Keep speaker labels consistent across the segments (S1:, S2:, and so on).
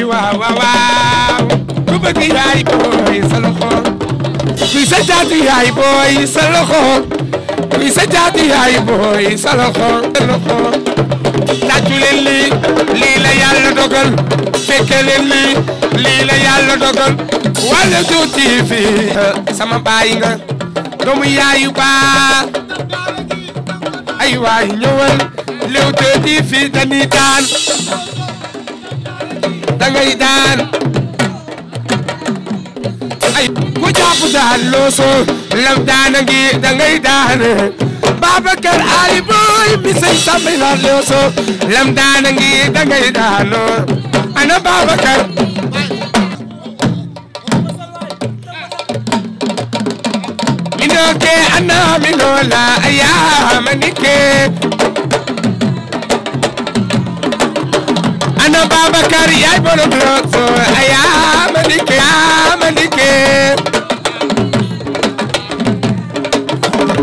S1: yi waaw waaw waaw ku bëgg yaay booy sa kuy sa yaay booy sa loxo kuy sa jaati yaay booy sa loxo sa loxo tàccu leen lii sama baay nga doomu baa ay waay ñëwal Leewtoo TV dañuy daan ngay daan daan a ngi da ngay daan Babacar Ali boy bi sey sàmmi la looso lam daan a ngi da ngay daan ana Babacar mi noo ke ana la ayaa ma ni ana Babacar yaay borom Rosso yaa ma ndikke yaa ma ndikke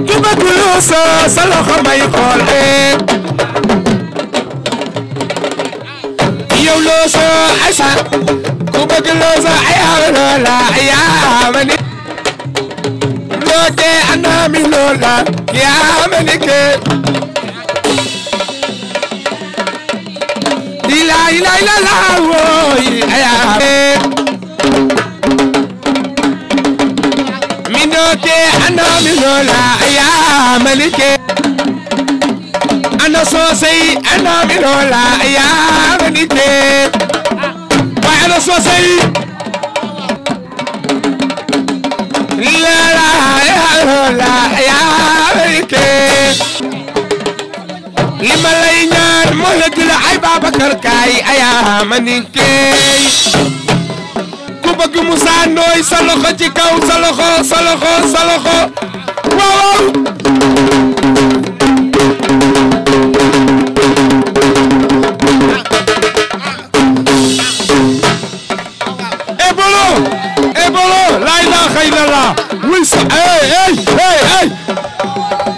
S1: ku bëgg Rosso sa loxo may xool yow Rosso ay sa ku bëgg Rosso ay loola yaa ma ndikke loo yaa ma ilaha illallah ya minote ana minola ya malike ana sosai ana minola ya malike mola di la ay Babacar kaay ayaa ma ninkeey ku bëgg Moussa Ndoye sa loxo ci kaw sa loxo sa loxo sa loxo waaw ebolo eh, eh, la ilaha illallah wuy sa ey ey ey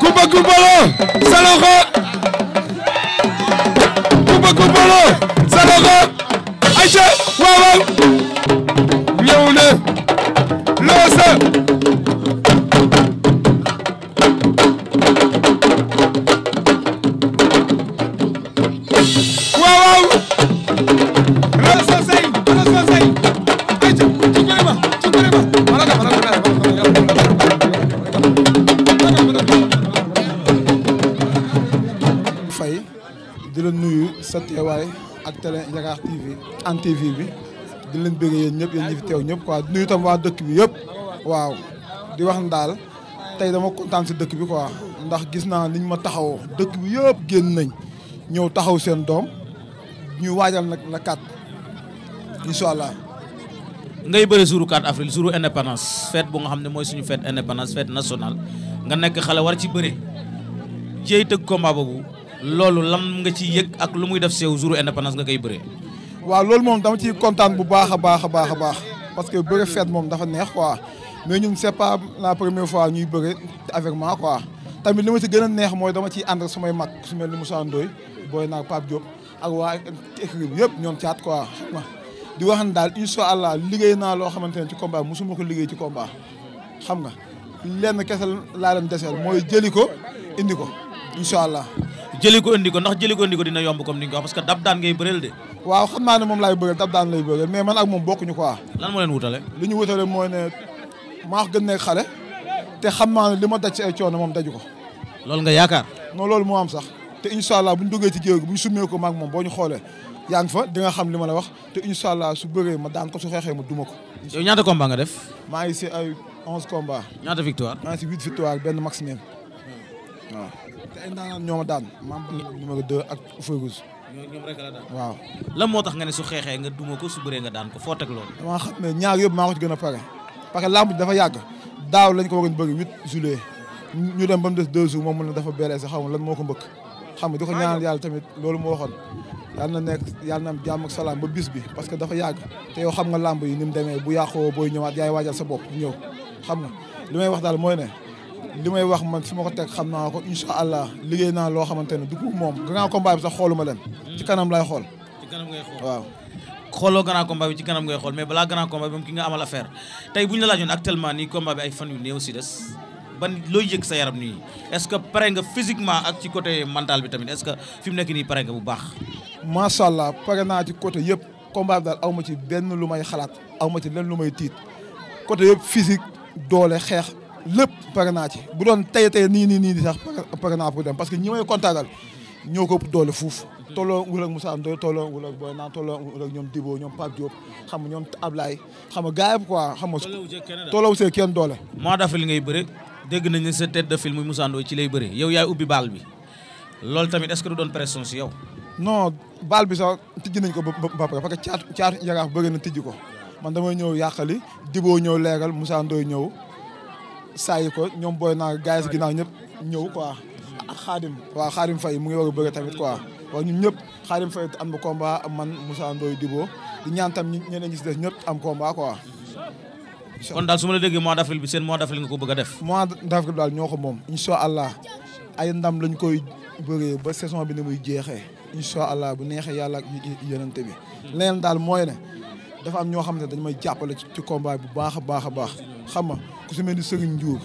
S1: ku bëgg
S2: ak télé Dakar TV Hann TV bi di leen bëggee yéen ñëpp yéen ñi fi teew ñëpp quoi nuyu tam waa dëkk bi yëpp waaw di wax ne daal tey dama kontaan si dëkk bi quoi ndax gis naa niñ ma taxawoo dëkk bi yëpp génn nañ ñëw taxaw seen doom ñu waajal nag la kat incha allah.
S3: ngay bëri jour 4 avril jour indépendance fête bu nga xam ne mooy suñu fête indépendance fête nationale nga nekk xale war ci bëre jéey tëgg combat boobu. loolu lan nga ciy yëg ak lu muy def sew jour indépendance nga koy bëree.
S2: waaw loolu moom dama ciy kontaan bu baax a baax a baax a baax parce que bëre fête moom dafa neex quoi mais ñun c'est pas la première fois ñuy bëre avec moi quoi. tamit li ma ci gën a neex mooy dama ciy ànd sumay mag su mel ni Moussa Ndoye booy naag Pape Diop ak waa écrit bi yëpp ñoom caat quoi xam nga di wax ne daal incha allah liggéey naa loo xamante ne ci combat mosuma ko liggéey ci combat xam nga lenn kese laa leen deseel mooy jëli ko indi ko incha allah. jëli ko indi ko ndax jëli ko indi ko dina yomb comme ni nga ko wax parce que dab daan ngay bëreel de waaw xam naa ne moom laay bëggal dab daan lay bëggal mais man ak moom bokkuñu quoi lan moo te xam naa li ma daj ci ay moom daju ko
S3: loolu nga yaakaar
S2: non loolu moo am sax te incha allah bu ñu duggee ci géew gi bu ñu moom boo ñu xoolee yaa ngi fa di nga xam ma la wax te incha su bëree ma daan ko su xeexee ma duma ko yow ñaata combat nga def maa ngi si ay onze combat ñaata victoire maa ngi si huit victoire benn max maximum waaw te ay ndaanaan ñoo ma daan. maam numéro 2 ak Fourouz. ñoom rek la daan waaw.
S3: lan moo tax nga ne su xeexee nga duma ko su bëree nga daan ko foo teg
S2: loolu. ñaar yëpp maa gën a pare parce que lamb dafa yàgg daaw lañ ko waroon bëgg huit juillet ñu dem ba mu des deux moom mu ne dafa beeree sa xaw ma lan moo ko mbëkk. xam nga di ko ñaanal yàlla tamit loolu moo waxoon yàlla na nekk yàlla na am jàmm ak salaam ba bis bi parce que dafa yàgg te yow xam nga lamb yi ni mu demee bu yàqoo booy ñëwaat yaay waajal sa bopp ñëw xam nga li may wax daal mooy ne li may wax man fi ma ko teg xam naa ko incha allah liggéey naa loo xamante ne du ko moom grand combat bi sax xooluma leen. ci kanam lay xool.
S3: ci kanam ngay xool waaw. xooloo grand ci kanam ngay xool mais balaa grand combat bi ki nga amal affaire tey bu ñu la laajoon actuellement nii combat bi ay fan yu néew si des ban looy yëg sa yaram nii est ce que pare nga physiquement ak ci côté mental bi tamit est ce que fi mu nekk nii pare nga bu baax.
S2: macha allah pare naa ci yëpp combat daal aw ma ci benn lu may xalaat aw ma ci lenn lu may tiit côté yëpp physique doole xeex. lépp pare naa ci bu doon tey tey nii nii nii di sax pare naa pour dem parce que ñi may kontaagal ñoo ko doole fuuf tolloo wul ak Moussa Ndoye tolloo wul ak Boy Niang tolloo wul ak ñoom ñoom Pape xam nga ñoom Ablaye xam nga gars yi quoi xam nga tolloo see kenn doole
S3: moo dafa li ngay bëre dégg nañ ne sa tête de film muy Moussa ci lay bëre yow yaay ubbi baal bi loolu tamit est-ce que du doon pression si
S2: yow non baal bi sax tijji nañ ko ba pare parce que caatu caatu yaraaf bëgg na tijji ko man damay ñëw yàqali Dibo ñëw leegal Moussa Ndoye ñëw saayi ko ñoom booy naa gars yi ginnaaw ñëpp ñëw quoi ak waa waaw xaadim fay mu ngi war a bëgg tamit quoi waa ñu ñëpp xaadim fay am ba combat man Moussa Ndoye Dibo di ñaan tam ñeneen ñi si ñëpp am combat quoi kon daal su ma la déggee mois d'avril bi seen mois d'avril nga ko bëgg def mois d'avril daal ñoo ko moom incha allah ay ndam koy bëree ba saison bi ne muy jeexee incha allah bu neexee yàlla ak yonente bi leneen daal mooy ne dafa am ñoo xam ne dañ may jàppale ci combat bu baax a baax a baax xam nga ku si mel ni yoo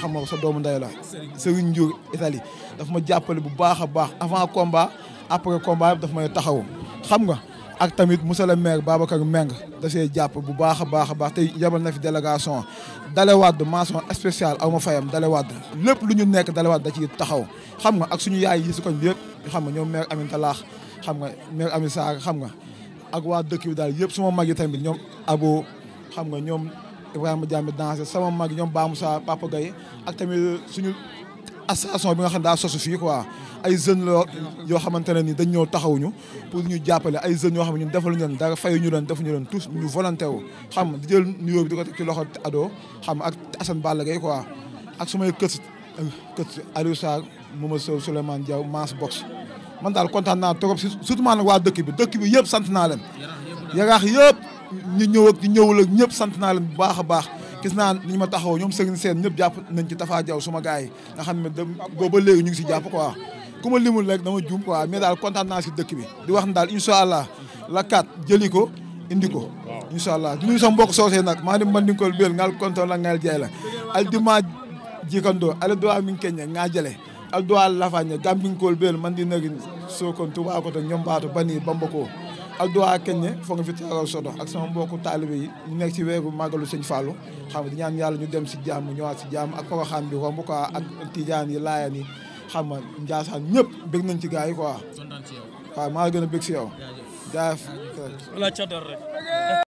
S2: xam nga sa doomu nday la Serigne Ndiour Italie daf ma jàppale bu baax a baax avant combat après combat daf may taxaw xam nga ak tamit monsieur le maire Babacar Meng da see jàpp bu baax a baax a baax te yabal na fi délégation dalewaat mention spéciale aw ma fayam dalewaat lépp lu ñu nekk dalewaat da ciy taxaw xam nga ak suñu yaay yi si bi yëpp xam nga ñoom maire Aminta Laax xam nga maire Ami Sarr xam nga ak waa dëkk daal yëpp suma mag yi tamit ñoom abo xam nga ñoom Ibrahima Diamé dansé sama ñoom Ba Moussa Papa Gueye ak tamit suñu association bi nga xam ne daa sosu fii quoi ay jeunes la yoo xamante ne ni dañ ñëw taxawuñu pour ñu jàppale ay jeunes yoo xam ne ñu defaluñu leen dara fayuñu leen defuñu leen tous ñu volonté wu xam di jël nuyoo bi di ko teg ci loxo Ado xam ak Assane Balla Gueye quoi ak sumay kët kët Aliou Sarr Mouma Sow Souleymane Diaw Mass Box man daal kontaan naa trop surtout maa nag waa dëkk bi dëkk bi yëpp sant naa leen yaraax yëpp ñu ñëw ak ñu ñëwul ak ñëpp sant naa leen bu baax a baax gis naa niñ ma taxaw ñoom sëriñ seen ñëpp jàpp nañ ci Tafa Diaw suma gars yi nga xam ne booba léegi ñu ngi si jàpp ko ku ma limul rek dama juum quoi mais daal kontaan naa si dëkk bi di wax ne daal incha allah la kat jëli ko indi ko incha allah di nuyu sama mbokk soose nag maa di man di ko biyel ngal kontoon la ngal jaay la al dima jikandoo ala dowa min keñe ngaa jële al dowa lafañe gambinkool biyel man di nagin soo kon tubaako te ñombaato banii bamba koo Alduwaa Keñe foog nga fi teewal Sodo ak sama mbokku taalibe yi ñu nekk ci weeru màggalu sëñ Fallou xam nga di ñaan yàlla ñu dem si jàmm ñëwaat si jàmm ak Porokhane bi romb quoi ak Tidiane yi Laayane yi xam nga Ndiassane ñëpp bëgg nañ ci gars yi quoi. waaw maa ngi gën a bëgg si yow.
S1: jaajëf.